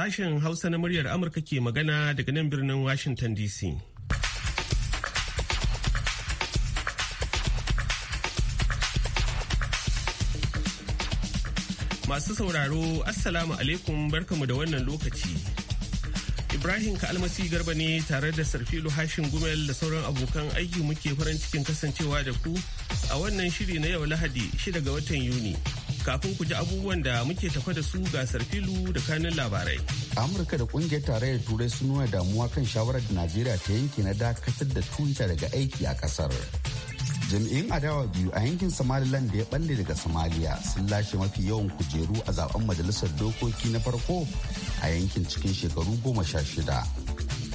Sashen Hausa na muryar Amurka ke magana daga nan birnin Washington DC. Masu sauraro, Assalamu alaikum barkamu da wannan lokaci. Ibrahim Kalmasi Garba ne tare da Sarfilu Hashin Gumel da sauran abokan aiki muke farin cikin kasancewa da ku a wannan shiri na yau Lahadi 6 ga watan Yuni. Kafin ku ji abubuwan da muke tafa da su gasar filu da kanun labarai. Amurka da kungiyar tarayyar turai sun nuna damuwa kan shawarar da Najeriya ta yanke na dakatar da tuta daga aiki a kasar. Jami'in adawa biyu a yankin Somaliland da ya balle daga Somalia sun lashe mafi yawan kujeru a zaben majalisar dokoki na farko a yankin cikin shekaru goma sha shida.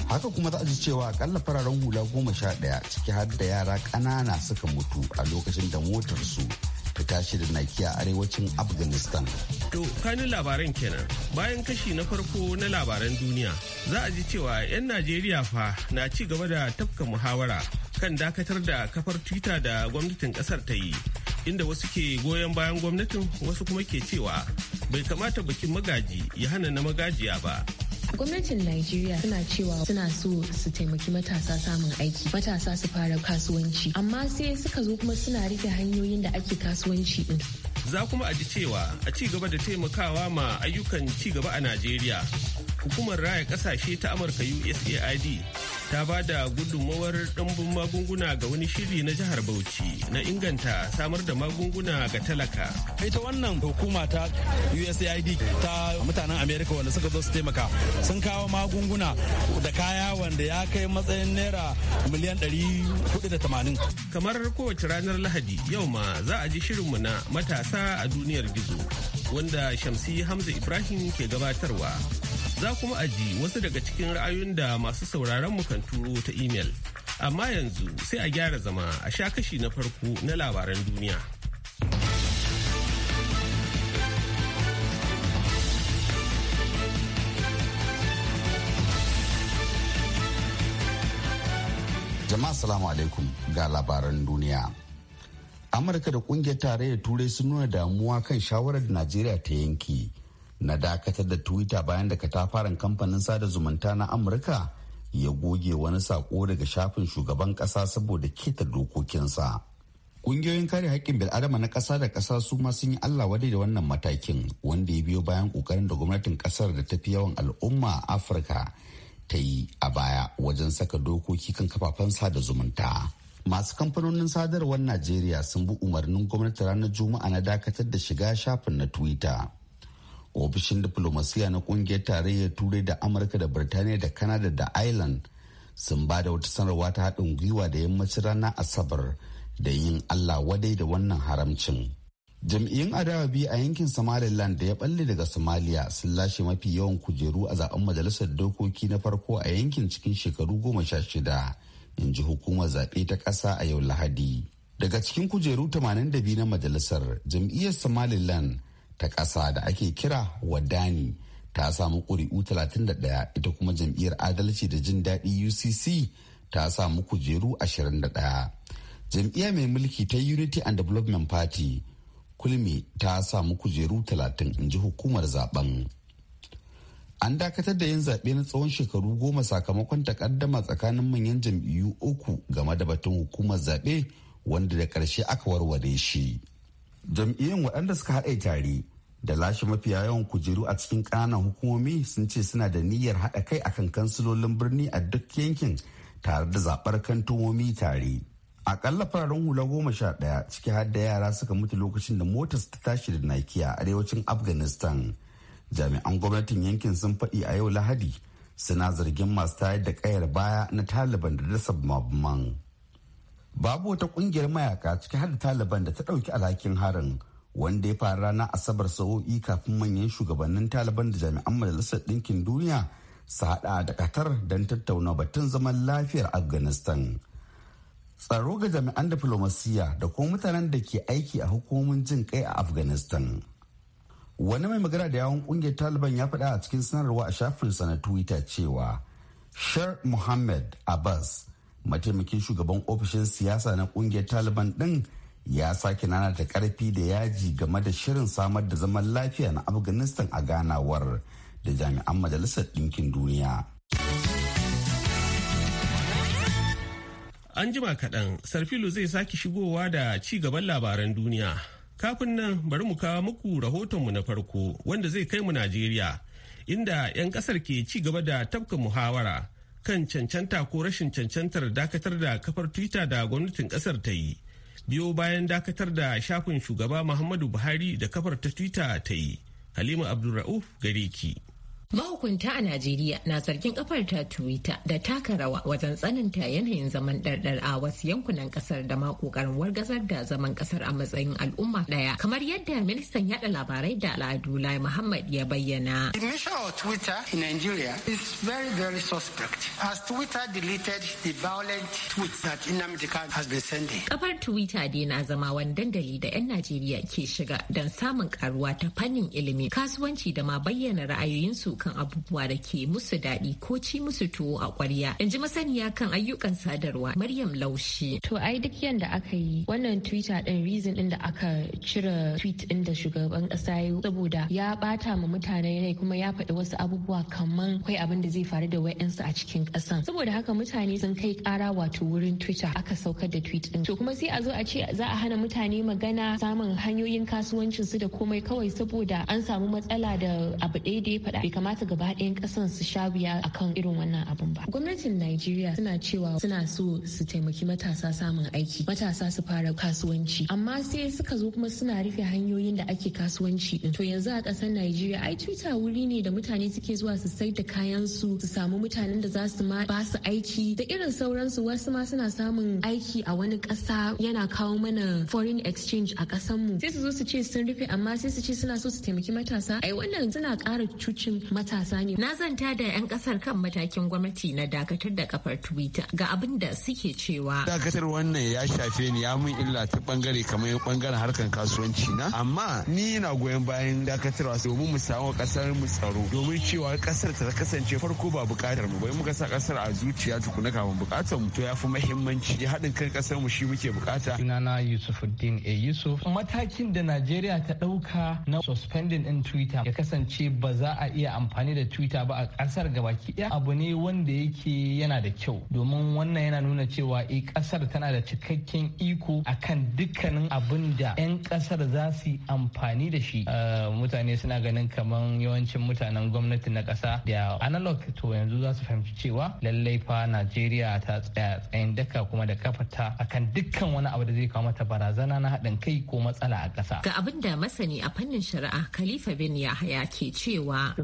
haka kuma za a ji cewa akalla fararen hula goma sha ɗaya ciki har da yara ƙanana suka mutu a lokacin da motarsu Tashi shirin naki a arewacin afghanistan to kanin labaran kenan bayan kashi na farko na labaran duniya za a ji cewa 'yan najeriya fa na ci gaba da tafka muhawara kan dakatar da kafar twitter da gwamnatin kasar ta yi inda wasu ke goyon bayan gwamnatin wasu kuma ke cewa bai kamata bikin magaji ya hana na magajiya ba gwamnatin najeriya suna cewa suna so su taimaki matasa samun aiki matasa su fara kasuwanci amma sai suka zo kuma suna rike hanyoyin da ake kasuwanci din za kuma a ji cewa a ci gaba da taimakawa ma ayyukan ci gaba a najeriya hukumar raya kasashe ta amurka usaid ta ba da gudunmawar ɗumbin magunguna ga wani shiri na jihar Bauchi na inganta samar da magunguna ga talaka. Ita wannan hukuma ta USAID ta mutanen Amerika wanda suka zo su taimaka sun kawo magunguna da kaya wanda ya kai matsayin naira miliyan 480. Kamar kowace ranar Lahadi yau ma za a ji shirinmu na matasa a duniyar gizo wanda Shamsi Hamza Ibrahim ke gabatarwa. Za kuma aji wasu daga cikin ra'ayoyin da masu sauraron mu kan turo ta imel. Amma yanzu sai a gyara zama a sha kashi na farko na labaran duniya. Jama'a salamu alaikum ga labaran duniya. Amurka da kungiyar tarayyar turai sun nuna damuwa kan shawarar da Najeriya ta yanki na dakatar da twitter bayan da katafaren kamfanin sada zumunta na amurka ya goge wani sako daga shafin shugaban kasa saboda keta dokokinsa ƙungiyoyin kare haƙƙin bil'adama na ƙasa da ƙasa su ma sun yi allah wadai da wannan matakin wanda ya biyo bayan ƙoƙarin da gwamnatin ƙasar da tafi yawan al'umma a afirka ta yi a baya wajen saka dokoki kan kafafen sada zumunta masu kamfanonin sadarwar najeriya sun bi umarnin gwamnati ranar juma'a na dakatar da shiga shafin na twitter ofishin diplomasiya na kungiyar tarayyar turai da amurka da birtaniya da canada da ireland sun ba da wata sanarwa ta haɗin gwiwa da yammacin ranar asabar da yin allah wadai da wannan haramcin jam'iyyun adawa biyu a yankin somaliland da ya balle daga somalia sun lashe mafi yawan kujeru a zaben majalisar dokoki na farko a yankin cikin shekaru goma sha shida in ji hukumar zaɓe ta ƙasa a yau lahadi daga cikin kujeru 82 na majalisar jam'iyyar somaliland ta ƙasa da ake kira wadani ta samu ƙuri'u 31 ita kuma jam'iyyar adalci da jin daɗi ucc ta samu kujeru 21 jam'iyya mai mulki ta unity and development party kulmi ta samu kujeru 30 in ji hukumar zaben an dakatar da yin zaɓe na tsawon shekaru goma sakamakon takaddama tsakanin manyan jam'iyyu uku game da batun hukumar zaɓe wanda da ƙarshe aka warware shi. jam'iyyun waɗanda suka haɗe tare da lashe mafiya yawan kujeru a cikin ƙananan hukumomi sun ce suna da niyyar haɗa kai a kan kansilolin birni a duk yankin tare da zaɓar kantomomi tare akalla fararen hula goma sha ɗaya ciki har da yara suka mutu lokacin da su ta tashi da nakiya arewacin afghanistan jami'an gwamnatin yankin sun faɗi a yau lahadi suna zargin masu tayar da kayar baya na taliban da dasa mabman babu wata kungiyar mayaka ciki har da taliban da ta ɗauki alhakin harin wanda ya faru rana asabar sa'o'i kafin manyan shugabannin taliban da jami'an majalisar ɗinkin duniya su haɗa da katar don tattauna batun zaman lafiyar afghanistan tsaro ga jami'an diflomasiyya da kuma mutanen da ke aiki a hukumomin jin kai a afghanistan wani mai magana da yawon kungiyar taliban ya faɗa a cikin sanarwa a shafinsa na twitter cewa shar muhammad abbas mataimakin shugaban ofishin siyasa na kungiyar taliban din ya sake nanata karfi da yaji game da shirin samar da zaman lafiya na afghanistan a ganawar da jami'an majalisar ɗinkin duniya an jima kaɗan sarfilo zai sake shigowa da ci gaban labaran duniya kafin nan bari mu kawo muku rahotonmu na farko wanda zai kai mu najeriya inda 'yan ƙasar ke ci gaba da tafka muhawara kan cancanta ko rashin cancantar dakatar da kafar twitter da gwamnatin kasar ta yi biyo bayan dakatar da shafin shugaba muhammadu buhari da kafar ta twitter ta yi halima abdulra'uf gare ki. Mahukunta a Najeriya na zargin kafar ta Twitter da taka rawa wajen tsananta yanayin zaman ɗarɗar a wasu yankunan ƙasar da ma ƙoƙarin wargazar da zaman ƙasar a matsayin al'umma ɗaya. Kamar yadda ministan yaɗa labarai da al'adu Lai Muhammad ya bayyana. The mission of Twitter in Nigeria is very very suspect as Twitter deleted the violent tweets that Nnamdi has been sending. Kafar Twitter dai na zama wani dandali da 'yan Najeriya ke shiga don samun karuwa ta fannin ilimi, kasuwanci da ma bayyana ra'ayoyinsu dukkan abubuwa da ke musu daɗi ko ci musu tuwo a ƙwarya. In ji masaniya kan ayyukan sadarwa Maryam Laushi. To ai duk yanda aka yi wannan Twitter ɗin reason din da aka cire tweet ɗin da shugaban ƙasa ya saboda ya bata ma mutane ne kuma ya faɗi wasu abubuwa kaman akwai abin da zai faru da wayansu a cikin ƙasan. Saboda haka mutane sun kai ƙara wato wurin Twitter aka saukar da tweet din To kuma sai a zo a ce za a hana mutane magana samun hanyoyin kasuwancinsu da komai kawai saboda an samu matsala da abu ɗaya da ya faɗa. kamata gaba ɗayan ƙasan su sha biya akan irin wannan abun ba gwamnatin najeriya suna cewa suna so su taimaki matasa samun aiki matasa su fara kasuwanci amma sai suka zo kuma suna rufe hanyoyin da ake kasuwanci din to yanzu a ƙasar najeriya ai twitter wuri ne da mutane suke zuwa su sai da kayan su su samu mutanen da za su ma ba su aiki da irin sauransu wasu ma suna samun aiki a wani ƙasa yana kawo mana foreign exchange a ƙasar mu sai su zo su ce sun rufe amma sai su ce suna so su taimaki matasa ai wannan suna ƙara cucin matasa ne. Na zanta da 'yan kasar kan matakin gwamnati na dakatar da kafar Twitter ga abin da suke cewa. Dakatar wannan ya shafe ni ya mun illa ta bangare kamar bangaren harkar kasuwanci na. Amma ni na goyon bayan dakatarwa domin mu samu kasar mu tsaro domin cewa kasar ta kasance farko ba bukatar mu bai muka sa kasar a zuciya tukuna kafin bukatar mu to ya fi muhimmanci ya haɗin kan kasar mu shi muke bukata. Sunana Yusufuddin A Yusuf matakin da Najeriya ta ɗauka na suspending in Twitter ya kasance ba za a iya amfani da twitter ba a kasar gabaki ɗaya. abu ne wanda yake yana da kyau domin wannan yana nuna cewa e eh, kasar tana da cikakken iko akan dukkanin abin da 'yan kasar za su yi amfani da shi ah, mutane suna ganin kamar yawancin mutanen gwamnati na kasa da analog to yanzu za su fahimci cewa lallai fa najeriya ta tsaya tsayin daka kuma da kafata akan dukkan wani abu da zai kawo mata barazana na haɗin kai ko matsala a kasa. ga abin da masani a fannin shari'a khalifa bin yahaya ke cewa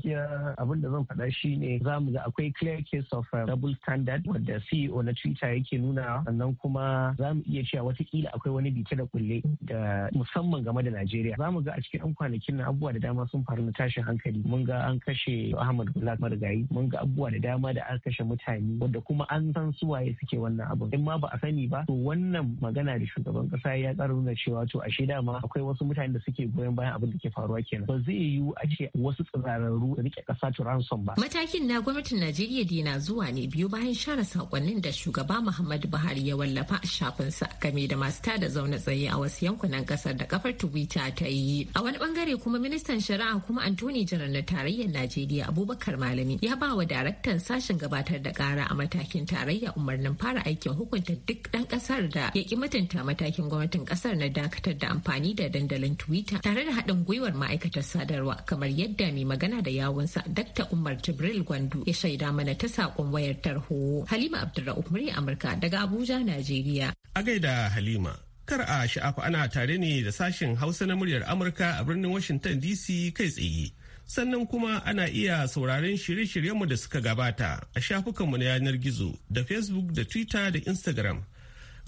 abin da zan faɗa shi ne za mu ga akwai clear case of um, double standard wanda CEO na Twitter yake nuna sannan kuma za mu iya cewa watakila akwai wani bita da kulle da musamman game da Najeriya. Za mu ga a cikin 'yan kwanakin na abubuwa da dama sun faru na tashin hankali. Mun ga an kashe Ahmad Gulak Marigayi, mun ga abubuwa da dama da an kashe mutane wadda kuma an san waye suke wannan abin. In ma ba a sani ba, to wannan magana da shugaban ƙasa ya ƙara nuna cewa to ashe dama akwai wasu mutane da suke goyon bayan abin da ke faruwa kenan. Ba zai yiwu a ce wasu tsirararru rike ransom ba. Matakin na gwamnatin Najeriya da na zuwa ne biyu bayan share sakonnin da shugaba Muhammadu Buhari ya wallafa a shafin sa, game da masu tada zaune tsaye a wasu yankunan ƙasar da kafar Twitter ta yi. A wani bangare kuma ministan shari'a kuma Antoni Janar na tarayyar Najeriya Abubakar Malami ya ba wa daraktan sashen gabatar da kara a matakin tarayya umarnin fara aikin hukunta duk ɗan ƙasar da ya ki mutunta matakin gwamnatin ƙasar na dakatar da amfani da dandalin Twitter tare da haɗin gwiwar ma'aikatar sadarwa kamar yadda mai magana da yawun sa Dr. Umar Jibril Gwandu ya shaida mana ta saƙon wayar tarho. Halima Abdulrahman murya Amurka daga Abuja, Najeriya. A gaida Halima. Kar a sha'afa ana tare ne da sashen Hausa na muryar Amurka a birnin Washington DC kai tsaye. sannan kuma ana iya sauraron shirye-shiryenmu da suka gabata a shafukanmu na yanar gizo da facebook da twitter da instagram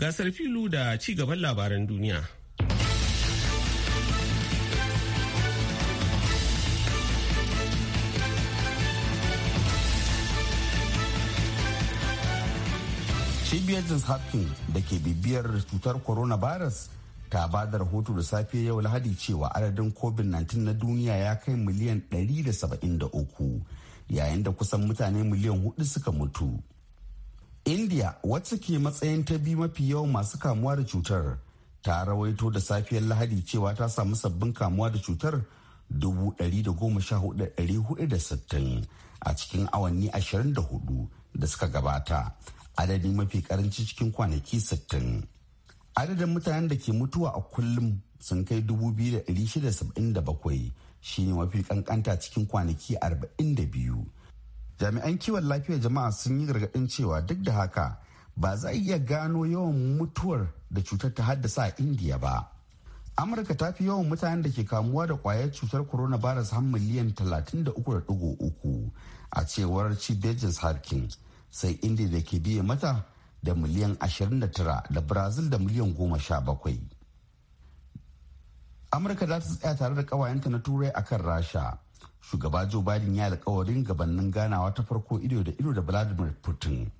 gasar filu da ci gaban labaran duniya. cibiyar johns hopkins da ke bibiyar cutar corona virus ta ba da rahoto da safe yau lahadi cewa adadin covid-19 na duniya ya kai miliyan 173 yayin da kusan mutane miliyan 4 suka mutu india wacce ke matsayin ta biyu mafi yawan masu kamuwa da cutar ta rawaito da safiyar lahadi cewa ta samu sabbin kamuwa da cutar 114,460 a cikin awanni 24 da suka gabata adadi mafi karanci cikin kwanaki 60 adadin mutanen da ke mutuwa a kullum sun kai 2,677 ne mafi kankanta cikin kwanaki 42 jami'an kiwon lafiyar jama'a sun yi gargaɗin cewa duk da haka ba za a iya gano yawan mutuwar da cutar ta haddasa a indiya ba amurka ta fi yawan mutanen da ke kamuwa da kwayar cutar coronavirus har miliyan 33.3 a cewar Chief johns harkins sai india da ke biye mata da miliyan 29 da brazil da miliyan 17 amurka za ta tsaya tare da kawayenta na turai a kan rasha shugaba joe biden ya alkawarin gabanin ganawa ta farko ido da ido da vladimir putin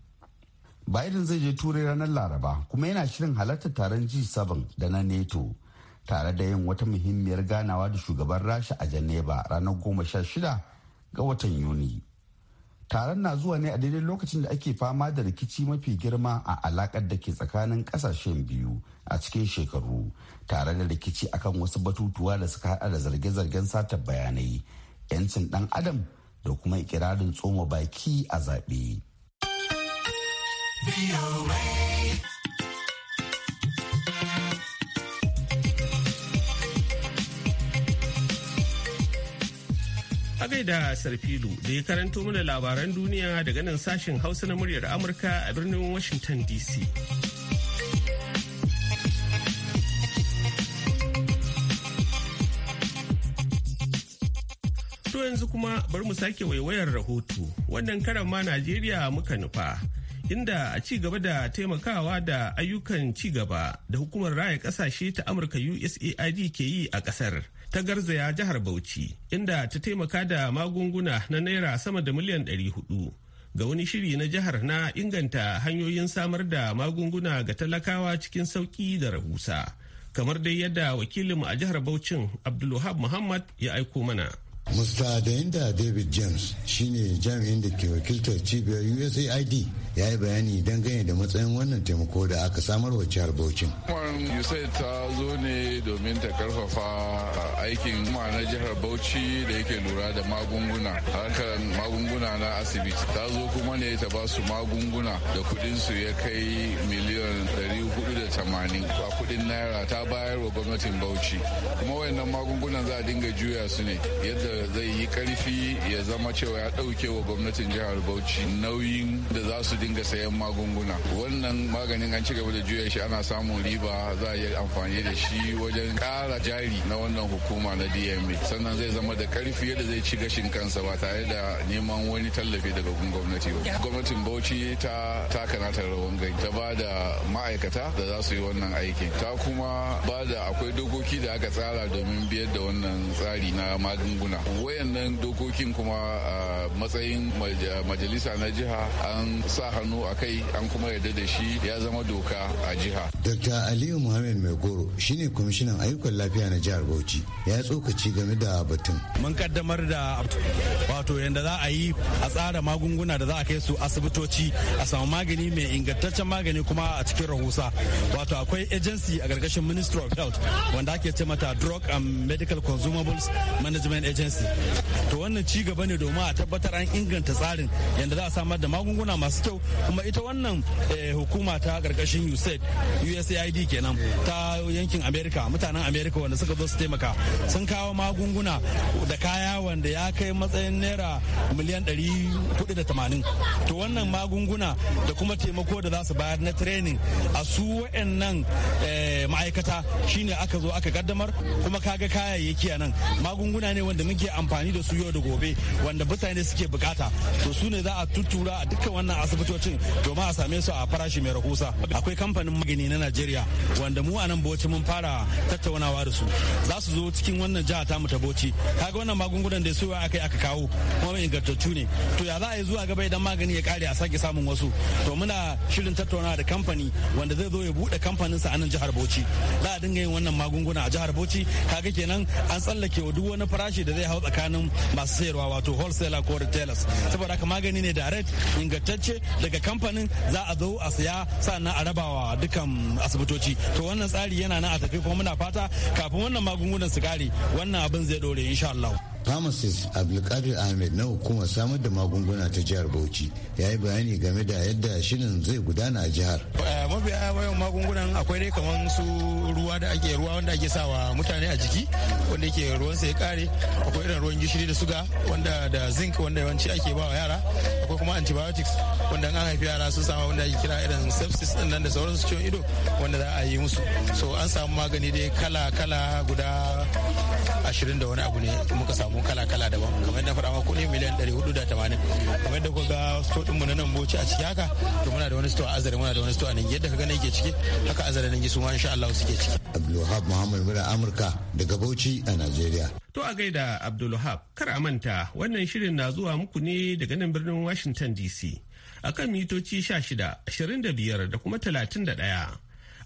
biden zai je turai ranar laraba kuma yana shirin halarta taron g7 da na neto tare da yin wata muhimmiyar ganawa da shugaban rasha a geneva ranar 16 ga watan yuni taron na zuwa ne a daidai lokacin da ake fama da rikici mafi girma a alakar da ke tsakanin kasashen biyu a cikin shekaru tare da rikici akan wasu batutuwa da suka hada da zarge-zargen satar bayanai 'yancin dan adam da kuma ikirarin tsoma baki a zaɓe. A gaida Sarfilu da ya karanto mana labaran duniya daga nan sashen Hausa na muryar Amurka a birnin Washington DC. To yanzu kuma bari mu sake waiwayar rahoto. Wannan karan ma Najeriya muka nufa. inda a ci gaba da taimakawa da ayyukan ci gaba da hukumar raya kasashe ta amurka usaid ke yi a kasar ta garzaya jihar Bauchi inda ta taimaka da magunguna na naira sama da miliyan 400 ga wani shiri na jihar na inganta hanyoyin samar da magunguna ga talakawa cikin sauki da rahusa kamar dai yadda wakilinmu a jihar Bauchin Abdulwahab Muhammad ya aiko mana. musta Dainda David James shine jami'in da ke wakiltar cibiyar USAID ya yi bayani dangane da matsayin wannan taimako da aka samar wa jihar Bauchi. USAID ta zo ne domin ta karfafa uh, aikin kuma na jihar Bauchi da yake lura da magunguna harkar magunguna na asibiti. Ta zo kuma ne ta ba su magunguna da kudin su ya kai miliyan 480 a kudin naira ta bayar wa gwamnatin Bauchi. Kuma wayannan magungunan za a dinga juya su ne yadda zai yi karfi ya zama cewa ya ɗauke wa gwamnatin jihar Bauchi nauyin da za su dinga sayan magunguna. Wannan maganin an ci gaba da juya shi ana samun riba za a yi amfani da shi wajen ƙara jari na wannan hukuma na DMA. Sannan zai zama da karfi yadda zai ci gashin kansa ba tare da neman wani tallafi daga gwamnati ba. Gwamnatin Bauchi ta taka nata rawan gani ta ba da ma'aikata da za su yi wannan aikin. Ta kuma ba da akwai dokoki da aka tsara domin biyar da wannan tsari na magunguna wayannan dokokin kuma a matsayin majalisa na jiha an sa hannu a kai an kuma yarda da shi ya zama doka a jiha dr aliyu muhammad mai goro shine kwamishinan ayyukan lafiya na jihar bauchi ya tsokaci game da batun mun kaddamar da wato yadda za a yi a tsara magunguna da za a kai su asibitoci a samu magani mai ingantaccen magani kuma a cikin rahusa wato akwai agency a gargashin ministry of health wanda ake ce mata drug and medical consumables management agency Messi. to wannan ci gaba ne domin a tabbatar an inganta tsarin yadda za a samar da magunguna masu kyau kuma ita wannan eh, hukuma ta karkashin usaid usaid kenan ta yankin america mutanen america wanda suka zo su taimaka sun kawo magunguna da kaya wanda ya kai matsayin naira miliyan 480 to wannan magunguna da kuma taimako da za su bayar na training a su wa'annan eh, ma'aikata shine aka zo aka kaddamar kuma kaga kayayyaki a nan magunguna ne wanda muke amfani da su su yau da gobe wanda mutane suke bukata to su ne za a tuttura a dukkan wannan asibitocin domin a same su a farashi mai rahusa akwai kamfanin magani na najeriya wanda mu a nan bauchi mun fara tattaunawa da su za su zo cikin wannan jiha ta mu ta bauchi kaga wannan magungunan da su aka aka kawo kuma ingantattu ne to ya za a yi zuwa gaba idan magani ya kare a sake samun wasu to muna shirin tattaunawa da kamfani wanda zai zo ya bude kamfaninsa a nan jihar bauchi za a dinga yin wannan magunguna a jihar bauchi kaga kenan an tsallake wa duk wani farashi da zai hau tsakanin masu sayarwa wato wholesaler ko retailers saboda haka magani ne direct ingantacce daga kamfanin za a zo a saya sannan a rabawa dukan asibitoci to wannan tsari yana nan a tafi kuma muna fata kafin wannan magungunan su kare wannan abin zai dore insha Allah pharmacist abdulkadir ahmed na hukumar samar da magunguna ta jihar bauchi ya yi bayani game da yadda shirin zai gudana a jihar eh, mafi yawan magungunan akwai dai kamar su ruwa da ake ruwa wanda ake sawa mutane a jiki wanda yake ruwan sai ya kare akwai irin ruwan gishiri da suga wanda da zinc wanda yawanci ake ba wa yara akwai kuma antibiotics wanda an haifi yara sun samu wanda ake kira irin sepsis din nan da sauransu ciwon ido wanda za a yi musu so an samu magani dai kala kala guda ashirin da wani abu ne muka samu mu kala-kala daban kamar yadda faɗa maka kuɗi miliyan ɗari hudu da tamanin kamar yadda kuka sto store mu na nan boci a ciki haka to muna da wani store a azare muna da wani store a nan yadda ka gani yake ciki haka azare nan su ma insha Allah suke ciki. Abdulwahab Muhammad Mura Amurka daga Bauchi a Najeriya. To a gaida Abdulwahab kar a manta wannan shirin na zuwa muku ne daga nan birnin Washington DC. a kan mitoci 16, 25 da kuma 31.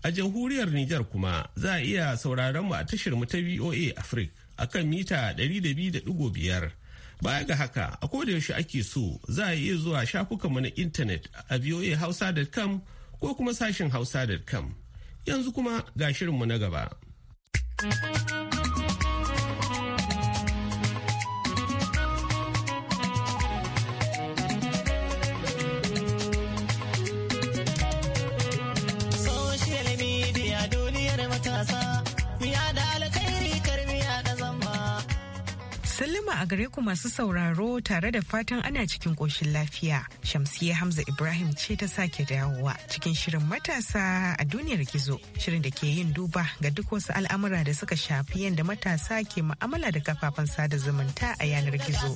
A jamhuriyar Nijar kuma za a iya sauraron mu a tashar mu ta VOA Africa a kan mita 200.5 baya ga haka a yaushe ake so za a iya zuwa shafukanmu na intanet a voahausa.com ko kuma sashin hausa.com yanzu kuma ga shirinmu na gaba. a gare ku masu sauraro tare da fatan ana cikin ƙoshin lafiya. Shamsiyya Hamza Ibrahim ce ta sake dawowa cikin shirin matasa a duniyar gizo. Shirin da ke yin duba ga duk wasu al'amura da suka shafi yadda matasa ke mu'amala da kafafen sada zumunta a yanar gizo.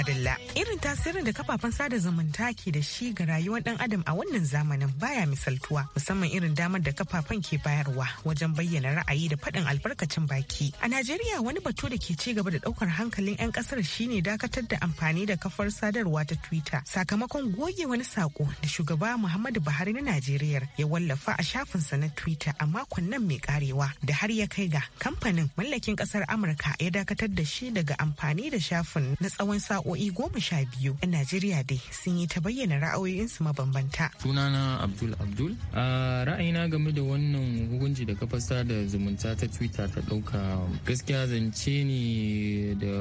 madalla irin tasirin da kafafen sada zumunta ke da shi ga rayuwar dan adam a wannan zamanin baya misaltuwa musamman irin damar da kafafen ke bayarwa wajen bayyana ra'ayi da faɗin albarkacin baki a najeriya wani batu da ke ci gaba da ɗaukar hankalin 'yan ƙasar shine dakatar da amfani da kafar sadarwa ta twitter sakamakon goge wani sako da shugaba muhammadu buhari na najeriya ya wallafa a shafinsa na twitter a makon nan mai karewa da har ya kai ga kamfanin mallakin ƙasar amurka ya dakatar da shi daga amfani da shafin na tsawon sa'o sa'o'i goma sha biyu yan najeriya dai sun yi ta bayyana ra'ayoyin su mabambanta sunana abdul abdul a ra'ayina game da wannan hukunci da kafar da zumunta ta twitter ta ɗauka gaskiya zance ne da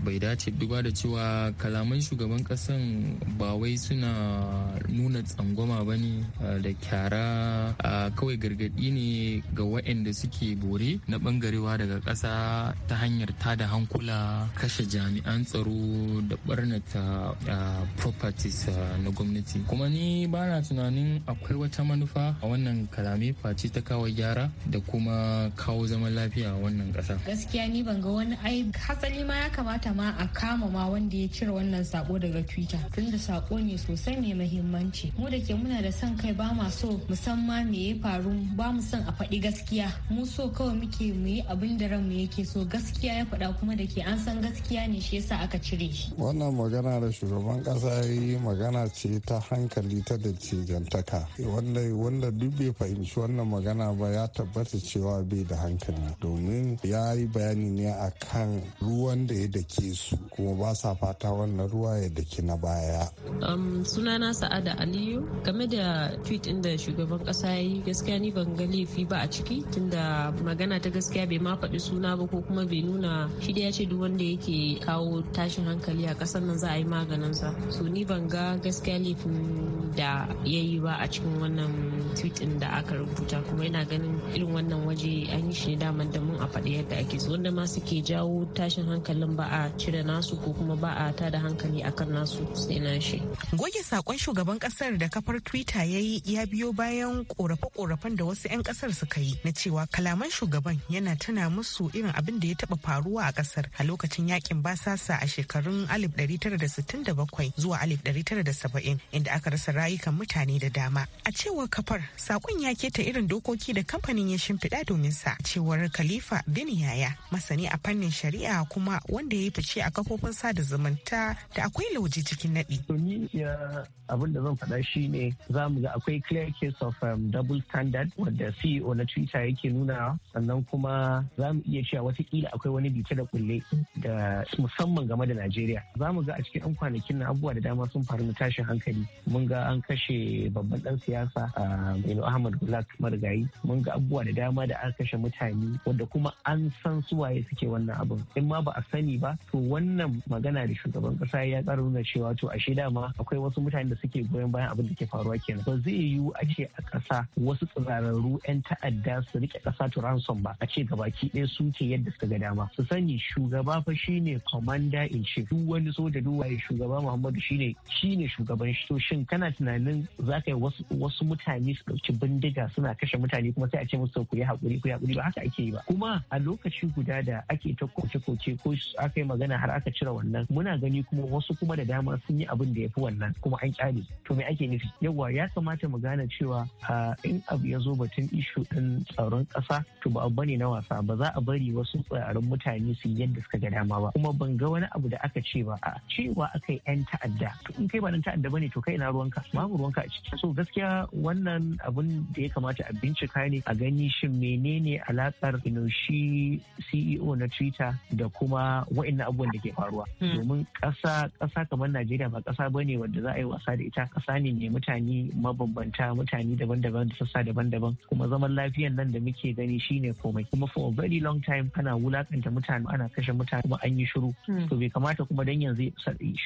bai dace duba da cewa kalaman shugaban ƙasan ba wai suna nuna tsangwama ba ne da kyara kawai gargaɗi ne ga waɗanda suke bore na ɓangarewa daga ƙasa ta hanyar tada hankula kashe jami'an tsaro da barnata properties na gwamnati kuma ni ba na tunanin akwai wata manufa a wannan kalame face ta kawo gyara da kuma kawo zaman lafiya a wannan ƙasa gaskiya ni ban ga wani ai hatsali ma ya kamata ma a kama ma wanda ya cire wannan sako daga twitter tun da sako ne sosai mai mahimmanci mu da ke muna da son kai ba ma so musamman me ya faru ba mu son a faɗi gaskiya mu so kawai muke mu yi abin da ranmu yake so gaskiya ya faɗa kuma da ke an san gaskiya ne shi yasa aka cire shi wannan magana da shugaban kasa yi magana ce ta hankali ta da ce jantaka wanda duk bai fahimci wannan magana ba ya tabbata cewa bai da hankali domin ya yi bayani ne a kan ruwan da ya dake su kuma ba sa fata wannan ruwa ya daki na baya sunana sa'ada aliyu game da tweet inda shugaban kasa ya yi gaskiya ni ban ga laifi ba a ciki tunda magana ta gaskiya bai ma faɗi suna ba ko kuma bai nuna shi da ya ce duk wanda yake kawo tashin hankali hankali a kasar nan za a yi maganin sa so ni ban ga gaskiya laifin da ya yi ba a cikin wannan tweet din da aka rubuta kuma yana ganin irin wannan waje an yi shi ne daman da mun a faɗi yadda ake so wanda ma suke jawo tashin hankalin ba a cire nasu ko kuma ba a tada hankali akan nasu sai na shi goge sakon shugaban kasar da kafar twitter ya yi ya biyo bayan korafe-korafen da wasu 'yan kasar suka yi na cewa kalaman shugaban yana tana musu irin abin da ya taɓa faruwa a kasar a lokacin yakin basasa a shekarun shekarun 1967 zuwa 1970 inda aka rasa rayukan mutane da dama. A cewar kafar sakon ya keta irin dokoki da kamfanin ya shimfiɗa domin sa cewar Khalifa bin Yaya masani a fannin shari'a kuma wanda ya yi fice a kafofin sada zumunta da akwai lauje cikin naɗi. abin da zan faɗa shi ne za mu ga akwai clear case of um, double standard wadda CEO na Twitter yake nuna sannan kuma za mu iya cewa watakila akwai wani bice da kulle da musamman game da Najeriya. Najeriya. Za mu ga a cikin 'yan kwanakin na abubuwa da dama sun faru na tashin hankali. Mun ga an kashe babban dan siyasa Aminu ah, Ahmad Gulak Marigayi. Mun ga abubuwa da dama da an kashe mutane wanda kuma an san su waye suke wannan abin. In ma ba a sani ba to wannan magana da shugaban ƙasa ya ƙara nuna cewa to ashe dama akwai wasu mutane da suke goyon bayan abin da ke faruwa kenan. Ba zai yiwu a ce a ƙasa wasu tsirararru 'yan ta'adda su rike ƙasa to ransom ba a ce gabaki ɗaya su ke yadda suka ga dama. Su sani shugaba fa shine commander in chief duk wani soja duk waye shugaba Muhammadu shine shine shugaban shi to shin kana tunanin za ka yi wasu mutane su ɗauki bindiga suna kashe mutane kuma sai a ce musu ku yi haƙuri ku yi haƙuri ba haka ake yi ba kuma a lokaci guda da ake ta koce koke ko aka yi magana har aka cire wannan muna gani kuma wasu kuma da dama sun yi abin da ya fi wannan kuma an kyale to me ake nufi yawa ya kamata mu gane cewa in abu ya zo batun ishu ɗin tsaron ƙasa to ba abu bane na wasa ba za a bari wasu tsararrun mutane su yi yadda suka ga dama ba kuma ban ga wani abu da aka cewa a cewa yi yan ta'adda to in kai ba dan ta'adda bane to kai ina ruwanka babu ruwanka a ciki so gaskiya wannan abun da ya kamata a bincika ne a gani shin menene alakar shi CEO na Twitter da kuma wa'annan abubuwan da ke faruwa hmm. domin kasa kasa kamar Najeriya ba ƙasa bane wanda za a yi wasa da ita kasa ne mai mutane mabambanta mutane daban-daban da sassa daban-daban kuma zaman lafiyan nan da muke gani shine komai kuma for a very long time ana wulakanta mutane ana kashe mutane kuma an yi shiru to hmm. bai kamata kuma dan yanzu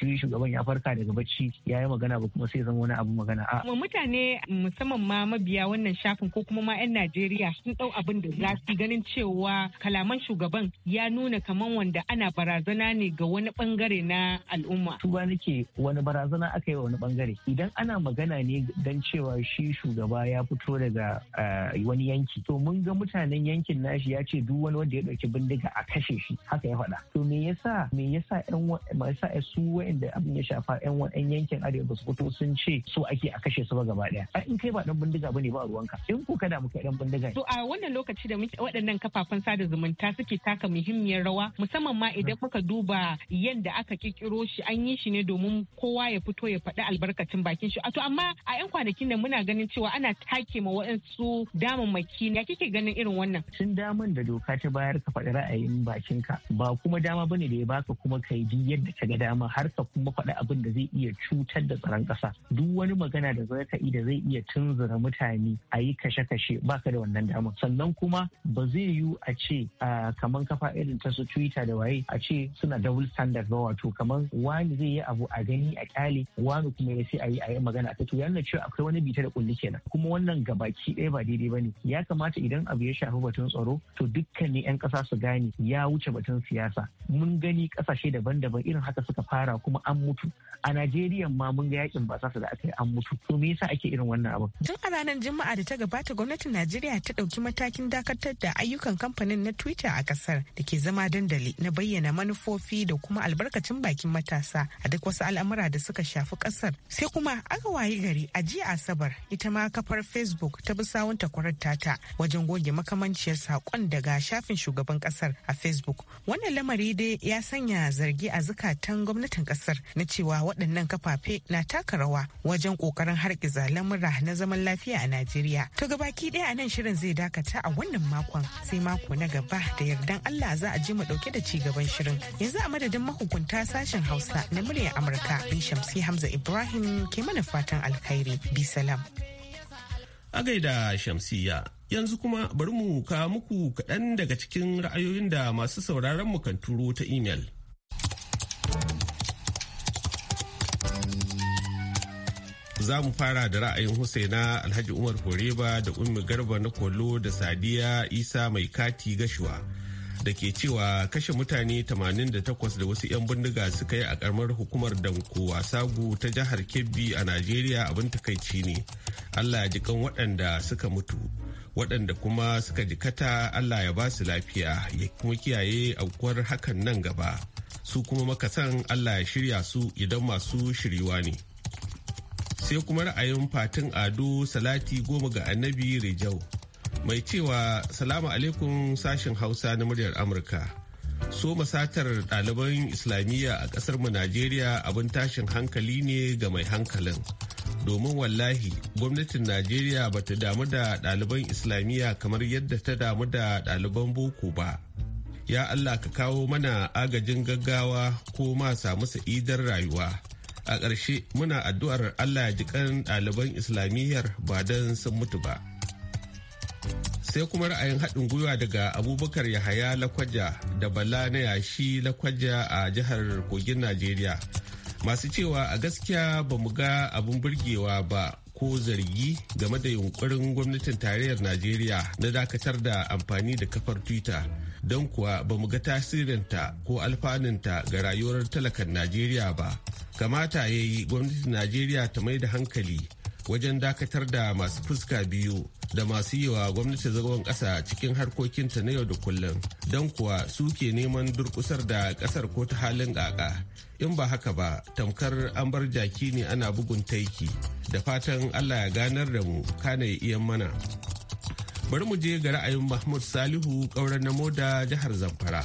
shi shugaban ya farka daga bacci ya yi magana ba kuma sai zama wani abu magana a mutane musamman ma mabiya wannan shafin ko kuma ma yan Najeriya sun dau abin da za su ganin cewa kalaman shugaban ya nuna kaman wanda ana barazana ne ga wani bangare na al'umma tuba nake wani barazana aka yi wa wani bangare idan ana magana ne dan cewa shi shugaba ya fito daga eh, wani yanki to mun ga mutanen yankin nashi ya ce duk wani wanda ya ɗauki bindiga a kashe shi haka ya faɗa to me yasa me yasa yan marasa su wa'anda abin ya shafa yan wa'an yankin arewa ba su fito sun ce so ake a kashe su ba gaba daya a in kai ba dan bindiga bane ba ruwanka in ko kada muka dan bindiga to a wannan lokaci da muke waɗannan kafafen sada zumunta suke taka muhimmiyar rawa musamman ma idan mm. muka duba yanda aka kirkiro shi an yi shi ne domin kowa ya fito ya faɗi albarkacin bakin shi to amma a yan kwanakin nan muna ganin cewa ana take ma waɗansu damammaki ya kike ganin irin wannan sun daman da doka ta bayar ka faɗi ra'ayin bakinka ba kuma dama bane da ya baka kuma kai yadda ta ga dama har ka kuma faɗi abin da zai iya cutar da tsaron ƙasa duk wani magana da zai yi da zai iya tunzura mutane a yi kashe-kashe ba ka da wannan damar sannan kuma ba zai yiwu a ce kamar kafa irin ta su twitter da waye a ce suna double standard ba wato kamar wani zai yi abu a gani a kyale wani kuma ya sai a yi a yi magana ta to ya nuna cewa akwai wani bita da kulli kenan kuma wannan gabaki ɗaya ba daidai ba ne ya kamata idan abu ya shafi batun tsaro to dukkan ne 'yan ƙasa su gane ya wuce batun siyasa mun gani ƙasashe daban-daban ba irin haka suka fara kuma an mutu a najeriya ma mun ga yakin ba sasa da aka yi an mutu to me yasa ake irin wannan abin tun a ranar juma'a da ta gabata gwamnatin najeriya ta ɗauki matakin dakatar da ayyukan kamfanin na twitter a kasar da ke zama dandali na bayyana manufofi da kuma albarkacin bakin matasa a duk wasu al'amura da suka shafi kasar sai kuma aka wayi gari a jiya asabar ita ma kafar facebook ta bi sawun takwarar tata wajen goge makamanciyar saƙon daga shafin shugaban kasar a facebook wannan lamari dai ya sanya zargi a a zukatan gwamnatin kasar na cewa waɗannan kafafe na taka rawa wajen ƙoƙarin hargiza lamura na zaman lafiya a Najeriya. To gabaki ɗaya a nan shirin zai dakata a wannan makon sai mako na gaba da yardan Allah za a ji mu ɗauke da cigaban shirin. Yanzu a madadin mahukunta sashen Hausa na muryar Amurka bin Shamsi Hamza Ibrahim ke mana fatan alkhairi. Bi salam. A gaida Shamsiya yanzu kuma bari mu kawo muku kaɗan daga cikin ra'ayoyin da masu sauraron mu kan turo ta imel. za mu fara da ra'ayin Husaina Alhaji Umar Koreba da Ummi Garba na Kolo da Sadiya Isa Mai Kati Gashuwa da ke cewa kashe mutane 88 da wasu 'yan bindiga suka yi a karamar hukumar Danko Wasagu ta jihar Kebbi a Najeriya abin takaici ne. Allah ya jikan waɗanda suka mutu. waɗanda kuma suka jikata Allah ya ba su lafiya ya kuma kiyaye aukuwar hakan nan gaba su kuma makasan Allah ya shirya su idan masu shiriwa ne. sai kuma ra'ayin fatin ado salati goma ga annabi rijau mai cewa salamu alaikum sashen hausa na muryar amurka so masatar ɗaliban islamiyya a ƙasar mu najeriya abin tashin hankali ne ga mai hankalin domin wallahi gwamnatin najeriya ba ta damu da ɗaliban islamiyya kamar yadda ta damu da ɗaliban boko ba ya allah ka kawo mana agajin gaggawa ko ma samu sa'idar rayuwa a ƙarshe muna addu'ar allah ya jikan ɗaliban islamiyyar ba don sun mutu ba sai kuma ra'ayin haɗin gwiwa daga abubakar yahaya lakwaja da bala na yashi lakwaja a jihar kogin najeriya masu cewa a gaskiya ba mu ga abin burgewa ba ko zargi game da yunkurin gwamnatin tarayyar najeriya na dakatar da amfani da kafar twitter don kuwa ba mu ga tasirinta ko alfanunta ga rayuwar talakan najeriya ba kamata ya yi gwamnatin najeriya ta mai da hankali wajen dakatar da masu fuska biyu da masu yi wa gwamnati zagon ƙasa cikin harkokinta na yau da kullum don kuwa su ke neman durkusar da ƙasar ko ta halin ƙaƙa in ba haka ba tamkar an bar jaki ne ana bugun taiki da fatan allah ya ganar da mu kane ya iyan mana bari mu je ga ra'ayin mahmud salihu ƙauren na moda jihar zamfara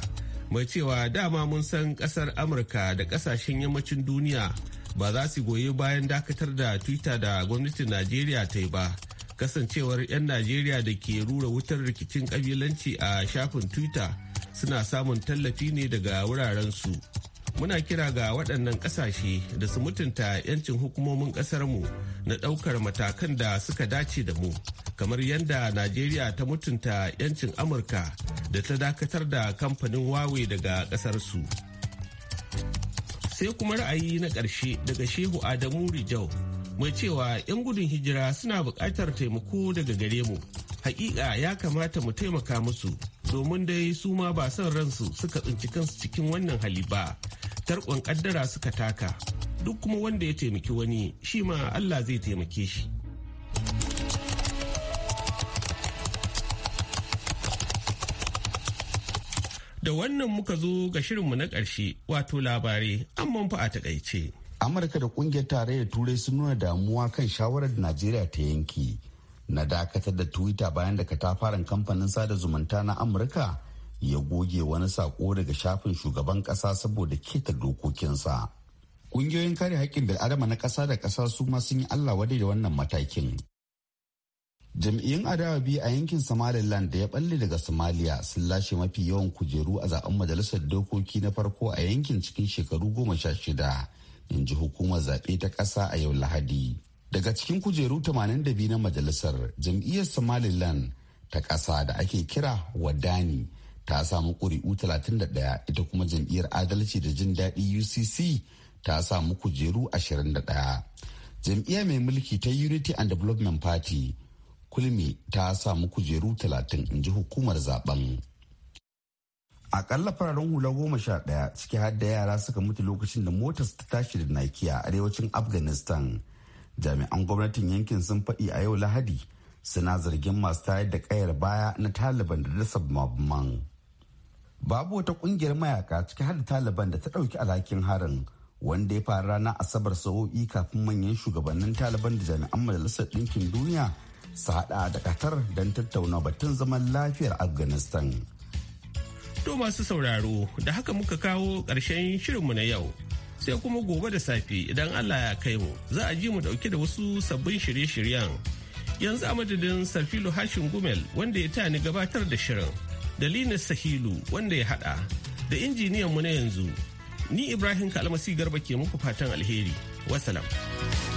mai cewa dama mun san kasar amurka da kasashen yammacin duniya ba za su goyi bayan dakatar da twitter da gwamnatin najeriya ta yi ba kasancewar 'yan najeriya da ke rura wutar rikicin kabilanci a shafin twitter suna samun tallafi ne daga wuraren su. muna kira ga waɗannan ƙasashe da su mutunta 'yancin hukumomin ƙasarmu na ɗaukar matakan da suka dace da mu kamar yadda najeriya ta mutunta 'yancin amurka da ta dakatar da kamfanin wawe daga ƙasarsu sai kuma ra'ayi na ƙarshe daga shehu adamu rijau mai cewa 'yan gudun hijira suna buƙatar taimako daga gare mu hakika ya kamata mu taimaka musu domin dai su ma ba son ransu suka tsinci kansu cikin wannan hali ba tarkon kaddara suka taka duk kuma wanda ya taimaki wani shi ma Allah zai taimake shi da wannan muka zo ga shirinmu na ƙarshe wato labarai an manfa a takaice amurka da kungiyar tarayyar turai sun nuna damuwa kan shawarar da najeriya ta yanki na dakatar da twitter bayan da katafaren kamfanin sada zumunta na amurka ya goge wani sako daga shafin shugaban kasa saboda keta dokokinsa. Ƙungiyoyin kare haƙƙin bil'adama na ƙasa da ƙasa su ma sun yi Allah wadai da wannan matakin. Jam'iyyun adawa biyu a yankin Somaliland da ya balle daga Somalia sun lashe mafi yawan kujeru a zaben majalisar dokoki na farko a yankin cikin shekaru goma sha shida, in ji hukumar zaɓe ta ƙasa a yau Lahadi. Daga cikin kujeru 82 na majalisar, jam'iyyar Somaliland ta ƙasa da ake kira Wadani ta samu ƙuri'u 31 ita kuma jam'iyyar adalci da jin daɗi ucc ta samu kujeru 21 jam'iyya mai mulki ta unity and development party kulmi ta samu kujeru 30 in ji hukumar zaben akalla fararen hula goma sha ɗaya ciki har da yara suka mutu lokacin da motar ta tashi da nakiya arewacin afghanistan jami'an gwamnatin yankin sun faɗi a yau lahadi suna zargin masu tayar da kayar baya na taliban da dasa mabman babu wata kungiyar mayaka ciki har taliban da ta dauki alhakin harin wanda ya faru rana asabar sa'o'i kafin manyan shugabannin taliban da jami'an majalisar ɗinkin duniya su haɗa da katar don tattauna batun zaman lafiyar afghanistan to masu sauraro da haka muka kawo ƙarshen shirinmu na yau sai kuma gobe da safe idan allah ya kai mu za a ji mu dauke da wasu sabbin shirye-shiryen yanzu a madadin sarfilo hashin gumel wanda ya tani gabatar da shirin da Linus Sahilu wanda ya hada da injiniyan mu na yanzu. Ni Ibrahim Kalmasi Garba ke muku fatan alheri. Wasalam.